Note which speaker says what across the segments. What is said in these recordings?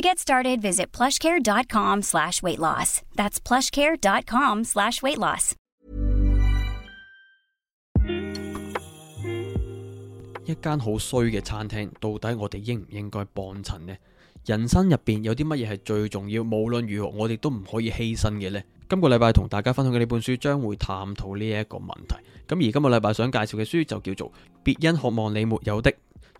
Speaker 1: 要 get started，visit plushcare. dot com slash weight loss That。That's plushcare. dot com slash weight loss。一間好衰嘅餐廳，到底我哋應唔應該幫襯呢？人生入邊有啲乜嘢係最重要？無論如何，我哋都唔可以犧牲嘅呢？今個禮拜同大家分享嘅呢本書將會探討呢一個問題。咁而今個禮拜想介紹嘅書就叫做《別因渴望你沒有的，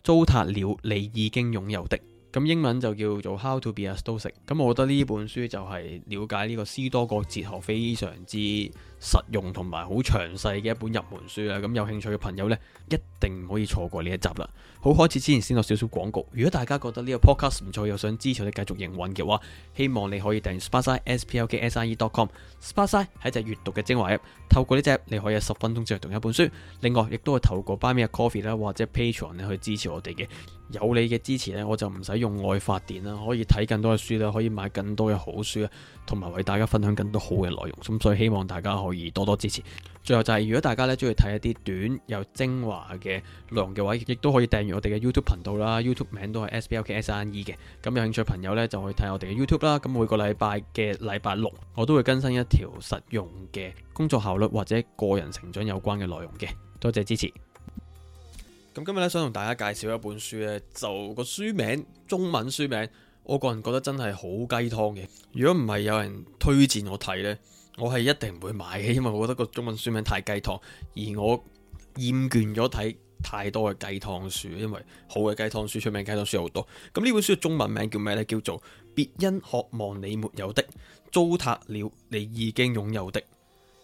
Speaker 1: 糟蹋了你已經擁有的》。咁英文就叫做 How to Be a Stoic。咁我覺得呢本書就係了解呢個斯多葛哲學非常之實用同埋好詳細嘅一本入門書啊，咁有興趣嘅朋友呢，一定唔可以錯過呢一集啦。好，開始之前先有少少廣告。如果大家覺得呢個 Podcast 唔錯，又想支持我繼續營運嘅話，希望你可以訂閱 Sparksine, sparksine.com, Sparksine 係一隻閱讀嘅精華 app。透過呢隻，你可以有十分鐘閱同一本書。另外，亦都係透過 Buy Me Coffee 啦，或者 Patreon 咧去支持我哋嘅。有你嘅支持呢，我就唔使用外發電啦，可以睇更多嘅書啦，可以買更多嘅好書啦，同埋為大家分享更多好嘅內容。咁所以希望大家可以。而多多支持。最後就係、是、如果大家咧中意睇一啲短又精華嘅內容嘅話，亦都可以訂閱我哋嘅 YouTube 頻道啦。YouTube 名都係 s b l k s i n E 嘅。咁有興趣嘅朋友咧，就可以睇我哋嘅 YouTube 啦。咁每個禮拜嘅禮拜六，我都會更新一條實用嘅工作效率或者個人成長有關嘅內容嘅。多謝支持。咁今日咧想同大家介紹一本書咧，就個書名中文書名，我個人覺得真係好雞湯嘅。如果唔係有人推薦我睇呢。我係一定唔會買嘅，因為我覺得個中文書名太雞湯，而我厭倦咗睇太多嘅雞湯書，因為好嘅雞湯書出名嘅雞湯書好多。咁呢本書嘅中文名叫咩呢？叫做別因渴望你沒有的，糟蹋了你已經擁有的。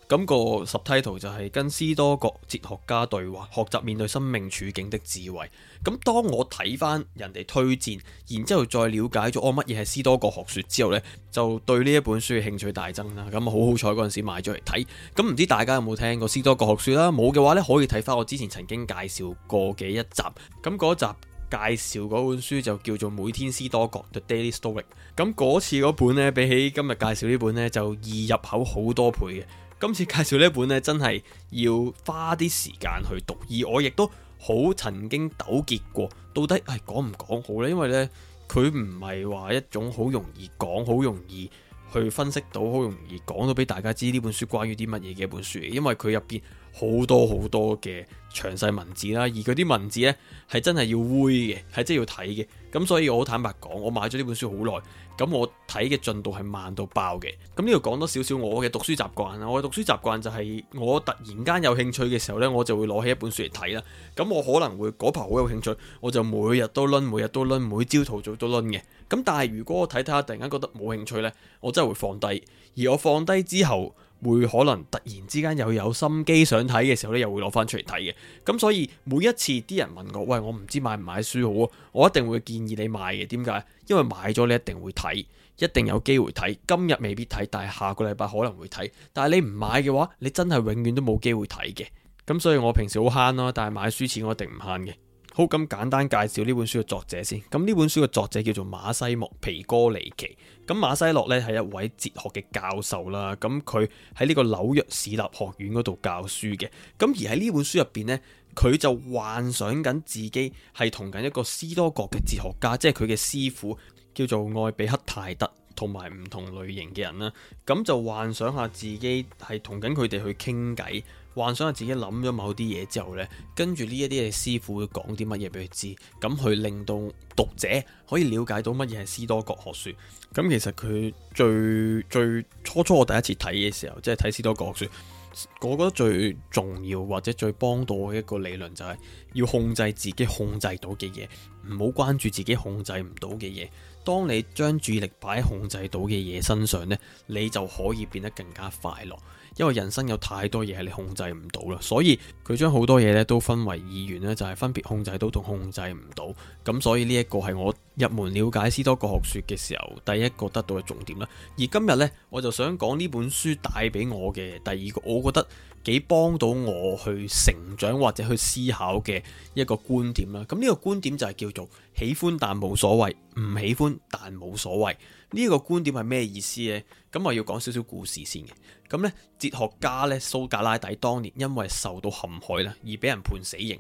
Speaker 1: 咁個 subtitle 就係、是、跟斯多葛哲學家對話，學習面對生命處境的智慧。咁當我睇翻人哋推薦，然之後再了解咗我乜嘢係斯多葛學説之後呢就對呢一本書嘅興趣大增啦。咁好好彩嗰陣時買咗嚟睇。咁唔知大家有冇聽過斯多葛學説啦？冇嘅話咧，可以睇翻我之前曾經介紹過嘅一集。咁嗰集介紹嗰本書就叫做《每天斯多葛》The Daily Stoic。咁嗰次嗰本呢，比起今日介紹呢本呢，就易入口好多倍嘅。今次介紹呢本呢，真係要花啲時間去讀，而我亦都好曾經糾結過，到底係講唔講好呢？因為呢，佢唔係話一種好容易講、好容易去分析到、好容易講到俾大家知呢本書關於啲乜嘢嘅一本書，因為佢入邊，好多好多嘅詳細文字啦，而嗰啲文字呢係真係要閪嘅，係真係要睇嘅。咁所以我好坦白講，我買咗呢本書好耐，咁我睇嘅進度係慢到爆嘅。咁呢度講多少少我嘅讀書習慣啦。我嘅讀書習慣就係我突然間有興趣嘅時候呢，我就會攞起一本書嚟睇啦。咁我可能會嗰排好有興趣，我就每日都攤，每日都攤，每朝頭早都攤嘅。咁但係如果我睇睇下突然間覺得冇興趣呢，我真係會放低。而我放低之後，會可能突然之間又有心機想睇嘅時候咧，又會攞翻出嚟睇嘅。咁所以每一次啲人問我，喂，我唔知買唔買書好啊，我一定會建議你買嘅。點解？因為買咗你一定會睇，一定有機會睇。今日未必睇，但係下個禮拜可能會睇。但係你唔買嘅話，你真係永遠都冇機會睇嘅。咁所以我平時好慳咯，但係買書錢我一定唔慳嘅。好，咁簡單介紹呢本書嘅作者先。咁呢本書嘅作者叫做馬西莫皮哥尼奇。咁馬西莫呢係一位哲學嘅教授啦。咁佢喺呢個紐約市立學院嗰度教書嘅。咁而喺呢本書入邊呢，佢就幻想緊自己係同緊一個斯多葛嘅哲學家，即係佢嘅師傅叫做愛比克泰德，同埋唔同類型嘅人啦。咁就幻想下自己係同緊佢哋去傾偈。幻想自己諗咗某啲嘢之後呢，跟住呢一啲嘅師傅會講啲乜嘢俾佢知，咁去令到讀者可以了解到乜嘢係《斯多葛學說》。咁其實佢最最初初我第一次睇嘅時候，即係睇《斯多葛學說》，我覺得最重要或者最幫到我一個理論就係要控制自己控制到嘅嘢，唔好關注自己控制唔到嘅嘢。當你將注意力擺喺控制到嘅嘢身上呢，你就可以變得更加快樂，因為人生有太多嘢係你控制唔到啦。所以佢將好多嘢呢都分為二元呢，就係分別控制到同控制唔到。咁所以呢一個係我入門了解斯多葛學說嘅時候，第一個得到嘅重點啦。而今日呢，我就想講呢本書帶俾我嘅第二個，我覺得幾幫到我去成長或者去思考嘅一個觀點啦。咁呢個觀點就係叫做喜歡但冇所謂。唔喜歡但冇所謂呢，呢個觀點係咩意思呢？咁我要講少少故事先嘅。咁、嗯、咧，哲學家咧蘇格拉底當年因為受到陷害咧而俾人判死刑。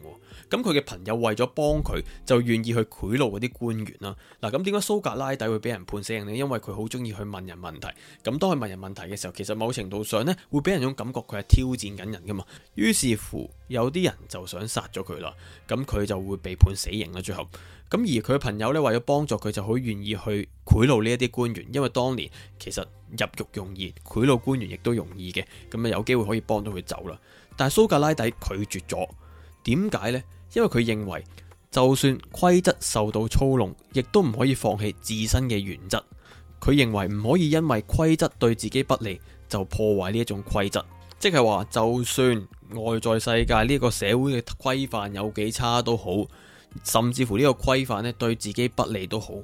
Speaker 1: 咁佢嘅朋友為咗幫佢，就願意去賄賂嗰啲官員啦。嗱、嗯，咁點解蘇格拉底會俾人判死刑呢？因為佢好中意去問人問題。咁、嗯、當佢問人問題嘅時候，其實某程度上呢會俾人種感覺佢係挑戰緊人噶嘛。於是乎，有啲人就想殺咗佢啦。咁、嗯、佢就會被判死刑啦。最後。咁而佢嘅朋友咧，為咗幫助佢，就好願意去賄賂呢一啲官員，因為當年其實入獄容易，賄賂官員亦都容易嘅，咁啊有機會可以幫到佢走啦。但係蘇格拉底拒絕咗，點解呢？因為佢認為就算規則受到操弄，亦都唔可以放棄自身嘅原則。佢認為唔可以因為規則對自己不利就破壞呢一種規則，即係話就算外在世界呢個社會嘅規範有幾差都好。甚至乎呢個規範呢，對自己不利都好，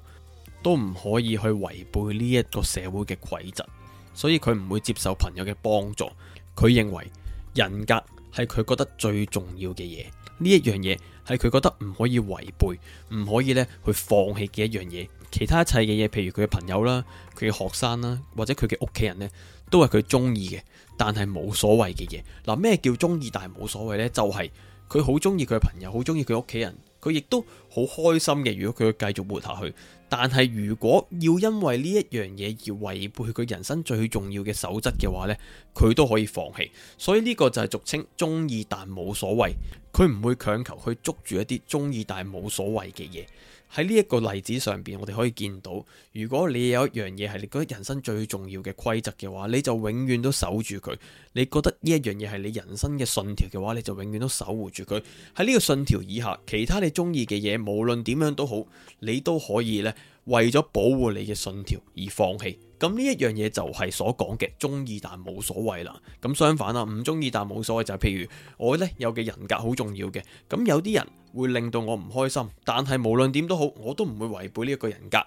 Speaker 1: 都唔可以去違背呢一個社會嘅規則。所以佢唔會接受朋友嘅幫助。佢認為人格係佢覺得最重要嘅嘢，呢一樣嘢係佢覺得唔可以違背，唔可以呢去放棄嘅一樣嘢。其他一切嘅嘢，譬如佢嘅朋友啦、佢嘅學生啦，或者佢嘅屋企人呢，都係佢中意嘅，但係冇所謂嘅嘢。嗱、啊，咩叫中意但係冇所謂呢，就係佢好中意佢嘅朋友，好中意佢屋企人。佢亦都好開心嘅，如果佢繼續活下去，但係如果要因為呢一樣嘢而違背佢人生最重要嘅守則嘅話呢，佢都可以放棄。所以呢個就係俗稱中意但冇所謂，佢唔會強求去捉住一啲中意但冇所謂嘅嘢。喺呢一個例子上邊，我哋可以見到，如果你有一樣嘢係你覺得人生最重要嘅規則嘅話，你就永遠都守住佢；你覺得呢一樣嘢係你人生嘅信條嘅話，你就永遠都守護住佢。喺呢個信條以下，其他你中意嘅嘢，無論點樣都好，你都可以呢，為咗保護你嘅信條而放棄。咁呢一樣嘢，就係所講嘅中意但冇所謂啦。咁相反啦，唔中意但冇所謂就係、是、譬如我呢有嘅人格好重要嘅。咁有啲人會令到我唔開心，但係無論點都好，我都唔會違背呢一個人格。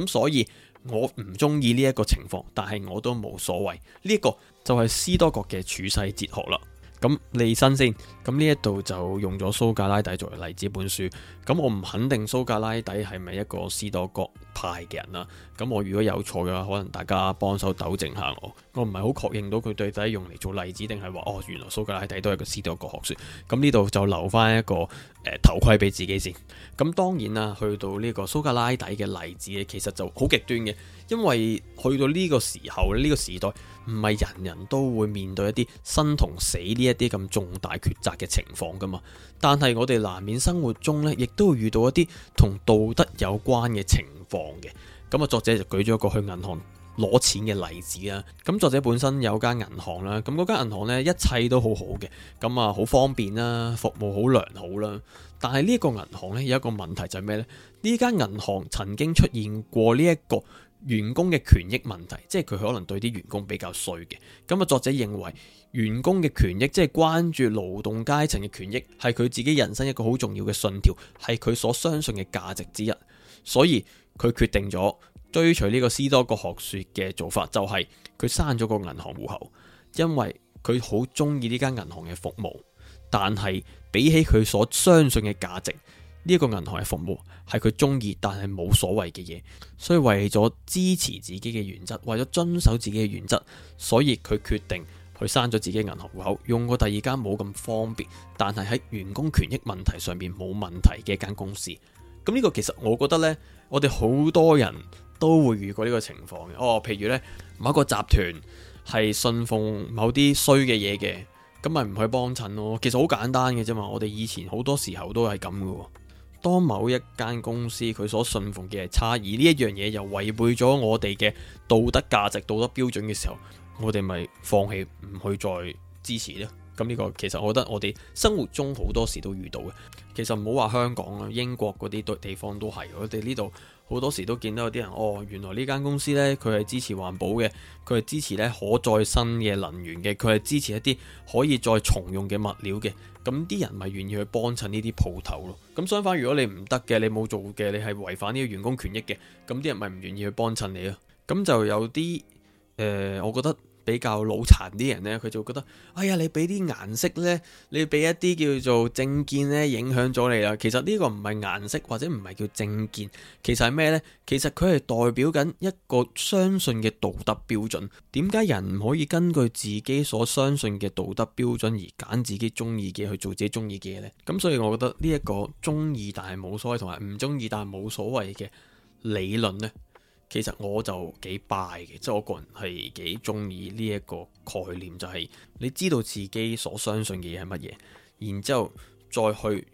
Speaker 1: 咁所以我唔中意呢一個情況，但係我都冇所謂。呢、這、一個就係斯多葛嘅處世哲學啦。咁利申先，咁呢一度就用咗蘇格拉底作為例子本書，咁我唔肯定蘇格拉底係咪一個斯多葛派嘅人啦，咁我如果有錯嘅話，可能大家幫手糾正下我，我唔係好確認到佢到底用嚟做例子，定係話哦，原來蘇格拉底都係個斯多葛學說，咁呢度就留翻一個誒、呃、頭盔俾自己先，咁當然啦，去到呢個蘇格拉底嘅例子咧，其實就好極端嘅。因為去到呢個時候呢個時代，唔係人人都會面對一啲生同死呢一啲咁重大抉擇嘅情況噶嘛。但係我哋難免生活中呢，亦都會遇到一啲同道德有關嘅情況嘅。咁、嗯、啊，作者就舉咗一個去銀行攞錢嘅例子啦。咁、嗯、作者本身有間銀行啦，咁嗰間銀行呢，一切都好好嘅，咁啊好方便啦，服務好良好啦。但係呢個銀行呢，有一個問題就係咩呢？呢間銀行曾經出現過呢一個。員工嘅權益問題，即係佢可能對啲員工比較衰嘅。咁啊，作者認為員工嘅權益，即係關注勞動階層嘅權益，係佢自己人生一個好重要嘅信條，係佢所相信嘅價值之一。所以佢決定咗追隨呢個斯多葛學說嘅做法，就係佢刪咗個銀行戶口，因為佢好中意呢間銀行嘅服務，但係比起佢所相信嘅價值。呢個銀行嘅服務係佢中意但係冇所謂嘅嘢，所以為咗支持自己嘅原則，為咗遵守自己嘅原則，所以佢決定去刪咗自己銀行戶口，用過第二間冇咁方便，但係喺員工權益問題上面冇問題嘅一間公司。咁呢個其實我覺得呢，我哋好多人都會遇過呢個情況嘅。哦，譬如呢，某一個集團係信奉某啲衰嘅嘢嘅，咁咪唔去幫襯咯。其實好簡單嘅啫嘛，我哋以前好多時候都係咁嘅。當某一間公司佢所信奉嘅係差異，而呢一樣嘢又違背咗我哋嘅道德價值、道德標準嘅時候，我哋咪放棄唔去再支持咯。咁呢個其實我覺得我哋生活中好多時都遇到嘅。其實唔好話香港啦，英國嗰啲都地方都係。我哋呢度好多時都見到有啲人，哦，原來呢間公司呢，佢係支持環保嘅，佢係支持呢可再生嘅能源嘅，佢係支持一啲可以再重用嘅物料嘅。咁啲人咪願意去幫襯呢啲鋪頭咯。咁相反，如果你唔得嘅，你冇做嘅，你係違反呢個員工權益嘅，咁啲人咪唔願意去幫襯你咯。咁就有啲誒、呃，我覺得，比較腦殘啲人呢，佢就會覺得，哎呀，你俾啲顏色呢，你俾一啲叫做政見呢影響咗你啦。其實呢個唔係顏色，或者唔係叫政見，其實係咩呢？其實佢係代表緊一個相信嘅道德標準。點解人唔可以根據自己所相信嘅道德標準而揀自己中意嘅去做自己中意嘅嘢呢？咁所以，我覺得呢、這、一個中意但係冇所謂，同埋唔中意但係冇所謂嘅理論呢。其實我就幾拜嘅，即、就、係、是、我個人係幾中意呢一個概念，就係、是、你知道自己所相信嘅嘢係乜嘢，然之後再去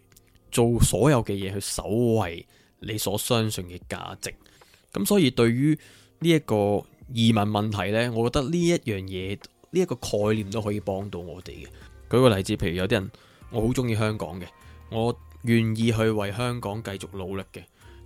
Speaker 1: 做所有嘅嘢去守衛你所相信嘅價值。咁所以對於呢一個移民問題呢，我覺得呢一樣嘢，呢、這、一個概念都可以幫到我哋嘅。舉個例子，譬如有啲人，我好中意香港嘅，我願意去為香港繼續努力嘅。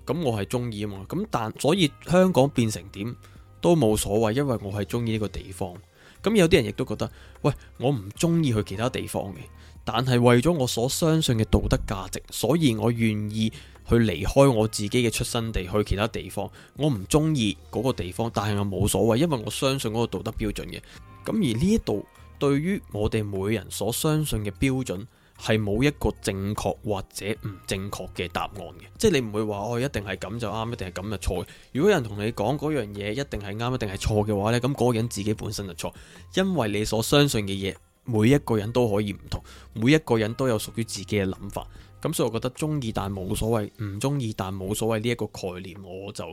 Speaker 1: 咁我係中意啊嘛，咁但所以香港變成點都冇所謂，因為我係中意呢個地方。咁有啲人亦都覺得，喂，我唔中意去其他地方嘅，但係為咗我所相信嘅道德價值，所以我願意去離開我自己嘅出生地去其他地方。我唔中意嗰個地方，但係又冇所謂，因為我相信嗰個道德標準嘅。咁而呢一度對於我哋每人所相信嘅標準，係冇一個正確或者唔正確嘅答案嘅，即係你唔會話我一定係咁就啱，一定係咁就，就錯。如果有人同你講嗰樣嘢一定係啱，一定係錯嘅話呢，咁嗰個人自己本身就錯，因為你所相信嘅嘢，每一個人都可以唔同，每一個人都有屬於自己嘅諗法。咁所以我覺得中意但冇所謂，唔中意但冇所謂呢一個概念，我就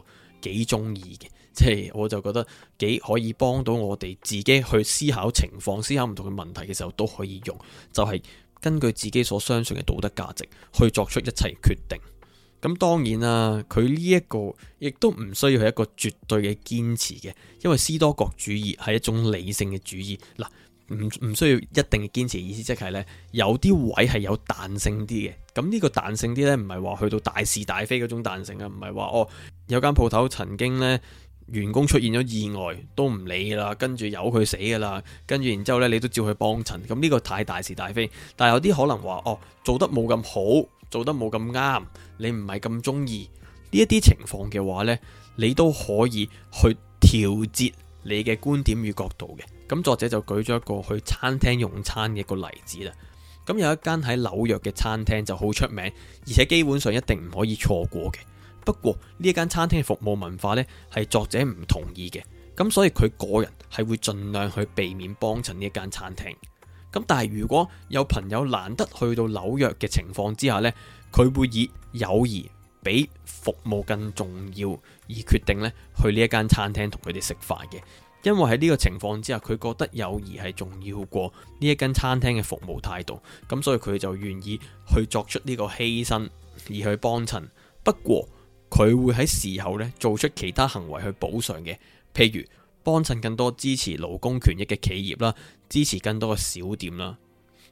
Speaker 1: 幾中意嘅，即係我就覺得幾可以幫到我哋自己去思考情況、思考唔同嘅問題嘅時候都可以用，就係。根據自己所相信嘅道德價值去作出一切決定，咁當然啦，啊，佢呢一個亦都唔需要係一個絕對嘅堅持嘅，因為斯多葛主義係一種理性嘅主義，嗱，唔唔需要一定嘅堅持，意思即係呢，有啲位係有彈性啲嘅，咁呢個彈性啲呢，唔係話去到大是大非嗰種彈性啊，唔係話哦，有間鋪頭曾經呢。員工出現咗意外都唔理啦，跟住由佢死噶啦，跟住然之後呢，你都照去幫襯。咁呢個太大是大非，但係有啲可能話哦，做得冇咁好，做得冇咁啱，你唔係咁中意呢一啲情況嘅話呢，你都可以去調節你嘅觀點與角度嘅。咁作者就舉咗一個去餐廳用餐嘅個例子啦。咁有一間喺紐約嘅餐廳就好出名，而且基本上一定唔可以錯過嘅。不過呢一間餐廳嘅服務文化呢，係作者唔同意嘅，咁、嗯、所以佢個人係會盡量去避免幫襯呢一間餐廳。咁、嗯、但係如果有朋友難得去到紐約嘅情況之下呢，佢會以友誼比服務更重要而決定呢去呢一間餐廳同佢哋食飯嘅。因為喺呢個情況之下，佢覺得友誼係重要過呢一間餐廳嘅服務態度，咁、嗯、所以佢就願意去作出呢個犧牲而去幫襯。不過，佢會喺事後咧做出其他行為去補償嘅，譬如幫襯更多支持勞工權益嘅企業啦，支持更多嘅小店啦。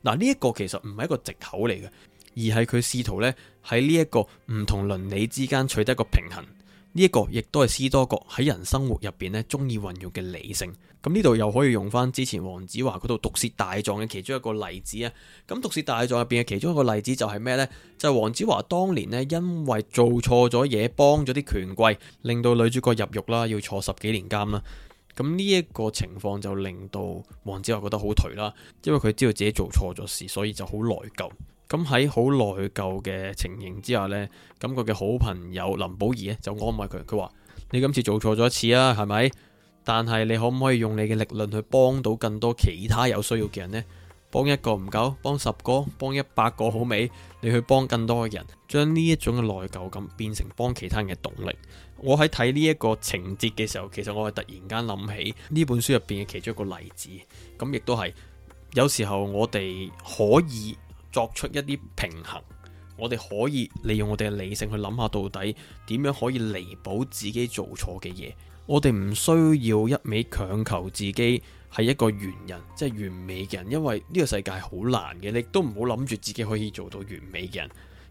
Speaker 1: 嗱，呢一個其實唔係一個借口嚟嘅，而係佢試圖咧喺呢一個唔同倫理之間取得一個平衡。呢、這、一個亦都係斯多葛喺人生活入邊咧中意運用嘅理性。咁呢度又可以用翻之前黃子華嗰度《毒舌大狀》嘅其中一個例子啊！咁《毒舌大狀》入邊嘅其中一個例子就係咩呢？就係黃子華當年呢，因為做錯咗嘢，幫咗啲權貴，令到女主角入獄啦，要坐十幾年監啦。咁呢一個情況就令到黃子華覺得好頹啦，因為佢知道自己做錯咗事，所以就好內疚。咁喺好內疚嘅情形之下呢，咁佢嘅好朋友林保怡呢，就安慰佢，佢話：你今次做錯咗一次啊，係咪？但係你可唔可以用你嘅力量去幫到更多其他有需要嘅人呢？幫一個唔夠，幫十個，幫一百個好未？你去幫更多嘅人，將呢一種嘅內疚感變成幫其他人嘅動力。我喺睇呢一個情節嘅時候，其實我係突然間諗起呢本書入邊嘅其中一個例子，咁亦都係有時候我哋可以作出一啲平衡，我哋可以利用我哋嘅理性去諗下到底點樣可以彌補自己做錯嘅嘢。我哋唔需要一味強求自己係一個完人，即係完美嘅人，因為呢個世界好難嘅，你都唔好諗住自己可以做到完美嘅人。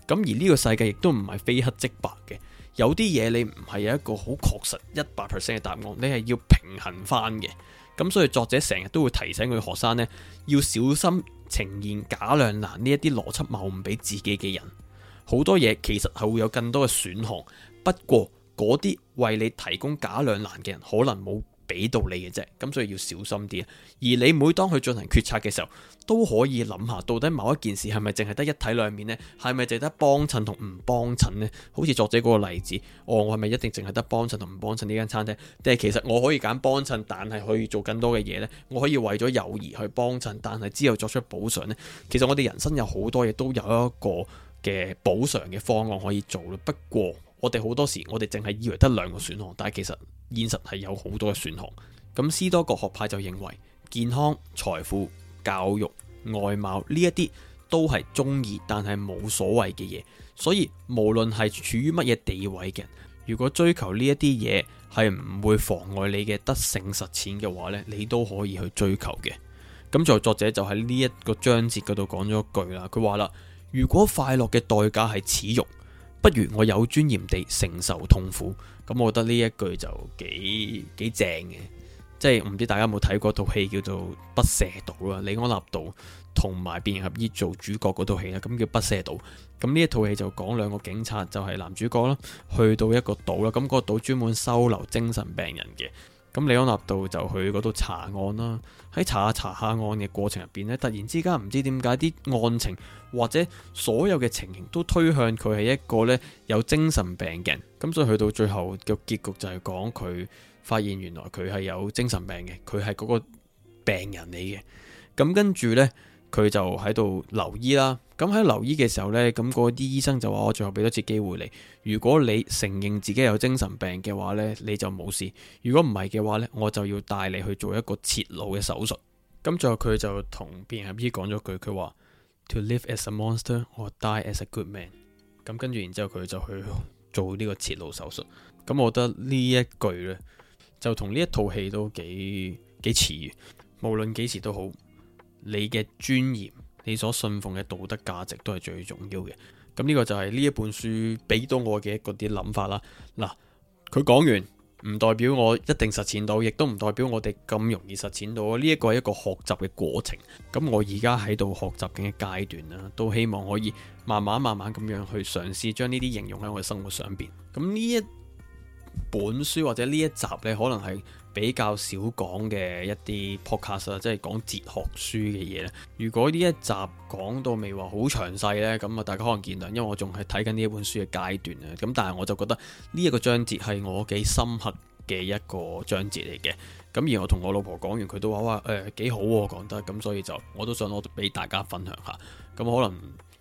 Speaker 1: 咁而呢個世界亦都唔係非黑即白嘅，有啲嘢你唔係有一個好確實一百 percent 嘅答案，你係要平衡翻嘅。咁所以作者成日都會提醒佢學生呢，要小心呈現假兩難呢一啲邏輯謬誤俾自己嘅人。好多嘢其實係會有更多嘅選項，不過。嗰啲為你提供假兩難嘅人，可能冇俾到你嘅啫，咁所以要小心啲。而你每當佢進行決策嘅時候，都可以諗下，到底某一件事係咪淨係得一體兩面呢？係咪淨係得幫襯同唔幫襯呢？好似作者嗰個例子，哦，我係咪一定淨係得幫襯同唔幫襯呢間餐廳？即係其實我可以揀幫襯，但係可以做更多嘅嘢呢？我可以為咗友誼去幫襯，但係之後作出補償呢？其實我哋人生有好多嘢都有一個嘅補償嘅方案可以做咯。不過，我哋好多時，我哋淨係以為得兩個選項，但係其實現實係有好多嘅選項。咁斯多葛學派就認為，健康、財富、教育、外貌呢一啲都係中意，但係冇所謂嘅嘢。所以無論係處於乜嘢地位嘅人，如果追求呢一啲嘢係唔會妨礙你嘅德性實踐嘅話呢，你都可以去追求嘅。咁在作者就喺呢一個章節嗰度講咗一句啦，佢話啦：如果快樂嘅代價係恥辱。不如我有尊嚴地承受痛苦，咁我覺得呢一句就幾幾正嘅，即係唔知大家有冇睇過套戲叫做《不赦島》啦，啊，李安納度同埋變形俠醫做主角嗰套戲啦，咁叫《不赦島》，咁呢一套戲就講兩個警察就係、是、男主角啦，去到一個島啦，咁，那個島專門收留精神病人嘅。咁李安納度就去嗰度查案啦，喺查下查下案嘅過程入邊咧，突然之間唔知點解啲案情或者所有嘅情形都推向佢係一個咧有精神病嘅人，咁所以去到最後嘅結局就係講佢發現原來佢係有精神病嘅，佢係嗰個病人嚟嘅，咁跟住呢。佢就喺度留醫啦，咁喺留醫嘅時候呢，咁嗰啲醫生就話我最後俾多次機會你，如果你承認自己有精神病嘅話呢，你就冇事；如果唔係嘅話呢，我就要帶你去做一個切腦嘅手術。咁最後佢就同變形俠醫講咗句，佢話 To live as a monster, or die as a good man。咁跟住然之後佢就去做呢個切腦手術。咁我覺得呢一句呢，就同呢一套戲都幾幾似，無論幾時都好。你嘅尊嚴，你所信奉嘅道德價值都係最重要嘅。咁呢個就係呢一本書俾到我嘅嗰啲諗法啦。嗱，佢講完唔代表我一定實踐到，亦都唔代表我哋咁容易實踐到。呢一個係一個學習嘅過程。咁我而家喺度學習緊嘅階段啦，都希望可以慢慢慢慢咁樣去嘗試將呢啲應用喺我嘅生活上邊。咁呢一本書或者呢一集呢，可能係。比較少講嘅一啲 podcast 啊，即係講哲學書嘅嘢咧。如果呢一集講到未話好詳細呢，咁啊大家可能見諒，因為我仲係睇緊呢一本書嘅階段啊。咁但係我就覺得呢一個章節係我幾深刻嘅一個章節嚟嘅。咁而我同我老婆講完，佢都話話誒幾好、啊、講得。咁所以就我都想我俾大家分享下。咁可能。